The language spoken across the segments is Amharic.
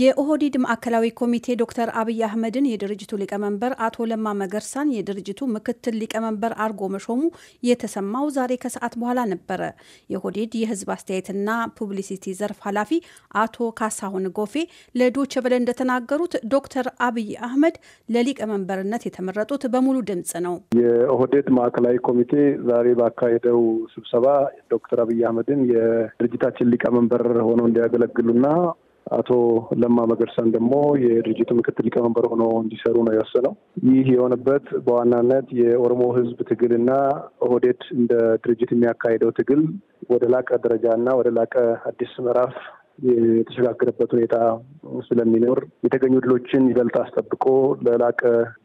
የኦህዲድ ማዕከላዊ ኮሚቴ ዶክተር አብይ አህመድን የድርጅቱ ሊቀመንበር አቶ ለማ መገርሳን የድርጅቱ ምክትል ሊቀመንበር አርጎ መሾሙ የተሰማው ዛሬ ከሰዓት በኋላ ነበረ። የኦህዲድ የህዝብ አስተያየትና ፑብሊሲቲ ዘርፍ ኃላፊ አቶ ካሳሁን ጎፌ ለዶቼ በለ እንደተናገሩት ዶክተር አብይ አህመድ ለሊቀመንበርነት የተመረጡት በሙሉ ድምፅ ነው። የኦህዴድ ማዕከላዊ ኮሚቴ ዛሬ ባካሄደው ስብሰባ ዶክተር አብይ አህመድን የድርጅታችን ሊቀመንበር ሆነው እንዲያገለግሉና አቶ ለማ መገርሳን ደግሞ የድርጅቱ ምክትል ሊቀመንበር ሆኖ እንዲሰሩ ነው የወሰነው። ይህ የሆነበት በዋናነት የኦሮሞ ሕዝብ ትግልና ኦህዴድ እንደ ድርጅት የሚያካሄደው ትግል ወደ ላቀ ደረጃና ወደ ላቀ አዲስ ምዕራፍ የተሸጋገረበት ሁኔታ ስለሚኖር የተገኙ ድሎችን ይበልጥ አስጠብቆ ለላቀ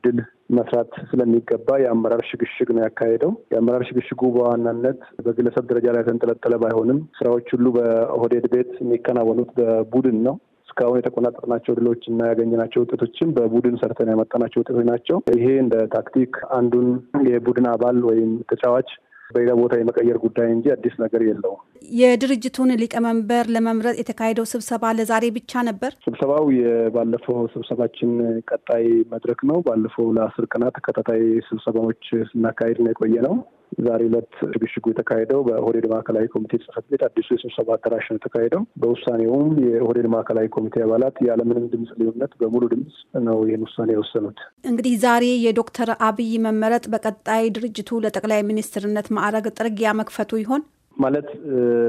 ድል መስራት ስለሚገባ የአመራር ሽግሽግ ነው ያካሄደው። የአመራር ሽግሽጉ በዋናነት በግለሰብ ደረጃ ላይ የተንጠለጠለ ባይሆንም ስራዎች ሁሉ በኦህዴድ ቤት የሚከናወኑት በቡድን ነው። እስካሁን የተቆናጠጥናቸው ድሎች እና ያገኘናቸው ውጤቶችም በቡድን ሰርተን ያመጣናቸው ውጤቶች ናቸው። ይሄ እንደ ታክቲክ አንዱን የቡድን አባል ወይም ተጫዋች በሌላ ቦታ የመቀየር ጉዳይ እንጂ አዲስ ነገር የለውም። የድርጅቱን ሊቀመንበር ለመምረጥ የተካሄደው ስብሰባ ለዛሬ ብቻ ነበር። ስብሰባው የባለፈው ስብሰባችን ቀጣይ መድረክ ነው። ባለፈው ለአስር ቀናት ተከታታይ ስብሰባዎች ስናካሄድ ነው የቆየ ነው። ዛሬ ዕለት ሽግሽጉ የተካሄደው በኦህዴድ ማዕከላዊ ኮሚቴ ጽህፈት ቤት አዲሱ የስብሰባ አዳራሽ ነው የተካሄደው። በውሳኔውም የኦህዴድ ማዕከላዊ ኮሚቴ አባላት ያለምንም ድምፅ ልዩነት በሙሉ ድምፅ ነው ይህን ውሳኔ የወሰኑት። እንግዲህ ዛሬ የዶክተር አብይ መመረጥ በቀጣይ ድርጅቱ ለጠቅላይ ሚኒስትርነት ማዕረግ ጥርጊያ መክፈቱ ይሆን? ማለት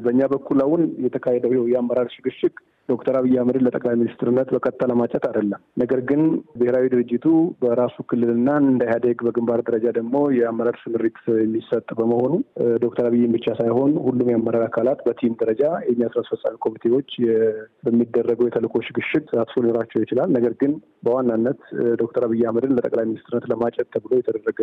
በእኛ በኩል አሁን የተካሄደው የአመራር ሽግሽግ ዶክተር አብይ አህመድን ለጠቅላይ ሚኒስትርነት በቀጥታ ለማጨት አይደለም። ነገር ግን ብሔራዊ ድርጅቱ በራሱ ክልልና እንደ ኢህአዴግ በግንባር ደረጃ ደግሞ የአመራር ስምሪት የሚሰጥ በመሆኑ ዶክተር አብይን ብቻ ሳይሆን ሁሉም የአመራር አካላት በቲም ደረጃ የኛ ስራ አስፈጻሚ ኮሚቴዎች በሚደረገው የተልእኮ ሽግሽግ ተሳትፎ ሊኖራቸው ይችላል። ነገር ግን በዋናነት ዶክተር አብይ አህመድን ለጠቅላይ ሚኒስትርነት ለማጨት ተብሎ የተደረገ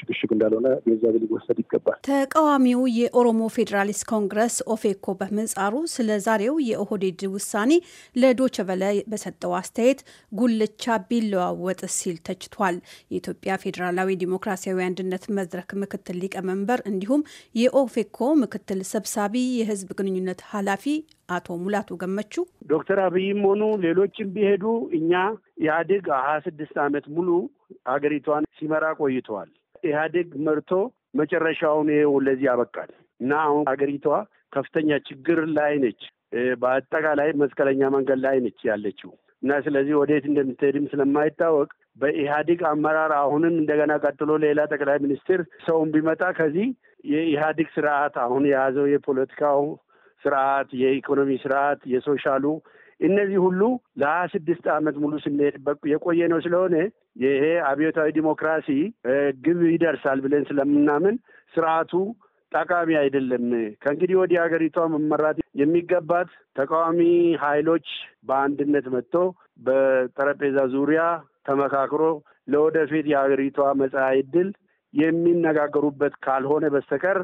ሽግሽግ እንዳልሆነ ግንዛቤ ሊወሰድ ይገባል። ተቃዋሚው የኦሮሞ ፌዴራሊስት ኮንግረስ ኦፌኮ በምህጻሩ ስለ ዛሬው የኦህዴድ ውሳ ውሳኔ ለዶቸቨለ በሰጠው አስተያየት ጉልቻ ቢለዋወጥ ሲል ተችቷል። የኢትዮጵያ ፌዴራላዊ ዲሞክራሲያዊ አንድነት መድረክ ምክትል ሊቀመንበር እንዲሁም የኦፌኮ ምክትል ሰብሳቢ የህዝብ ግንኙነት ኃላፊ አቶ ሙላቱ ገመቹ ዶክተር አብይም ሆኑ ሌሎችም ቢሄዱ እኛ ኢህአዴግ ሀያ ስድስት ዓመት ሙሉ ሀገሪቷን ሲመራ ቆይተዋል። ኢህአዴግ መርቶ መጨረሻውን ይኸው ለዚህ ያበቃል እና አሁን ሀገሪቷ ከፍተኛ ችግር ላይ ነች። በአጠቃላይ መስቀለኛ መንገድ ላይ ነች ያለችው እና ስለዚህ ወዴት እንደምትሄድም ስለማይታወቅ በኢህአዲግ አመራር አሁንም እንደገና ቀጥሎ ሌላ ጠቅላይ ሚኒስትር ሰውን ቢመጣ ከዚህ የኢህአዲግ ስርዓት አሁን የያዘው የፖለቲካው ስርዓት፣ የኢኮኖሚ ስርዓት፣ የሶሻሉ እነዚህ ሁሉ ለሀያ ስድስት ዓመት ሙሉ ስንሄድበት የቆየ ነው ስለሆነ ይሄ አብዮታዊ ዲሞክራሲ ግብ ይደርሳል ብለን ስለምናምን ስርዓቱ ጠቃሚ አይደለም። ከእንግዲህ ወዲህ ሀገሪቷ መመራት የሚገባት ተቃዋሚ ኃይሎች በአንድነት መጥቶ በጠረጴዛ ዙሪያ ተመካክሮ ለወደፊት የሀገሪቷ መጻኢ ዕድል የሚነጋገሩበት ካልሆነ በስተቀር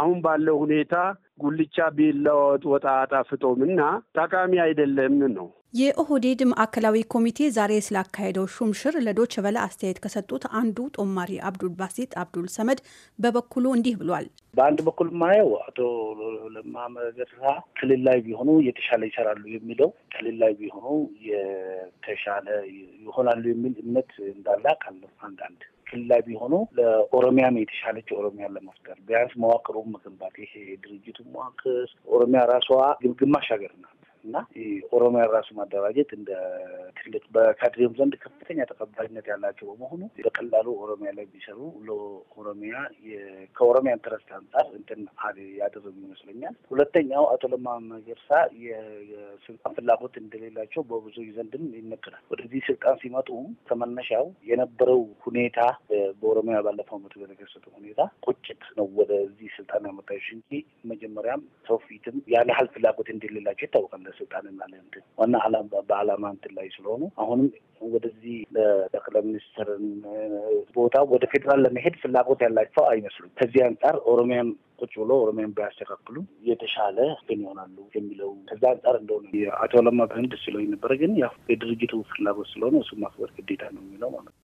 አሁን ባለው ሁኔታ ጉልቻ ቢለወጥ ወጣ አጣፍጦምና ጠቃሚ አይደለም ነው። የኦህዴድ ማዕከላዊ ኮሚቴ ዛሬ ስላካሄደው ሹምሽር ለዶቼ ቬለ አስተያየት ከሰጡት አንዱ ጦማሪ አብዱል ባሲት አብዱል ሰመድ በበኩሉ እንዲህ ብሏል። በአንድ በኩል ማየው አቶ ለማ መገርሳ ክልል ላይ ቢሆኑ የተሻለ ይሰራሉ የሚለው ክልል ላይ ቢሆኑ የተሻለ ይሆናሉ የሚል እምነት እንዳለ አውቃለሁ። አንዳንድ ክልል ላይ ቢሆኑ ለኦሮሚያም የተሻለች ኦሮሚያን ለመፍጠር ቢያንስ መዋቅሩን መገንባት ይሄ ድርጅቱ መዋቅር ኦሮሚያ ራሷ ግማሽ ሀገር ነው እና ኦሮሚያ ራሱ ማደራጀት እንደ ትልቅ በካድሬም ዘንድ ከፍተኛ ተቀባይነት ያላቸው በመሆኑ በቀላሉ ኦሮሚያ ላይ ቢሰሩ ለኦሮሚያ ከኦሮሚያ ኢንተረስት አንጻር እንትን ያደረጉ ይመስለኛል። ሁለተኛው አቶ ለማ መገርሳ የስልጣን ፍላጎት እንደሌላቸው በብዙ ዘንድም ይነገራል። ወደዚህ ስልጣን ሲመጡ ከመነሻው የነበረው ሁኔታ በኦሮሚያ ባለፈው ዓመት በተከሰተው ሁኔታ ቁጭት ነው ወደዚህ ስልጣን ያመጣች እንጂ መጀመሪያም ሰው ፊትም ያን ፍላጎት እንደሌላቸው ይታወቃል። ለስልጣንና ለእንትን ዋና በዓላማ እንትን ላይ ስለሆኑ አሁንም ወደዚህ ለጠቅላይ ሚኒስትርን ቦታ ወደ ፌዴራል ለመሄድ ፍላጎት ያላቸው አይመስሉም። ከዚህ አንጻር ኦሮሚያን ቁጭ ብሎ ኦሮሚያን ቢያስተካክሉ የተሻለ ግን ይሆናሉ የሚለው ከዚ አንጻር እንደሆነ አቶ ለማ ብህን ደስ ይለው ነበረ። ግን ያው የድርጅቱ ፍላጎት ስለሆነ እሱ ማክበር ግዴታ ነው የሚለው ማለት ነው።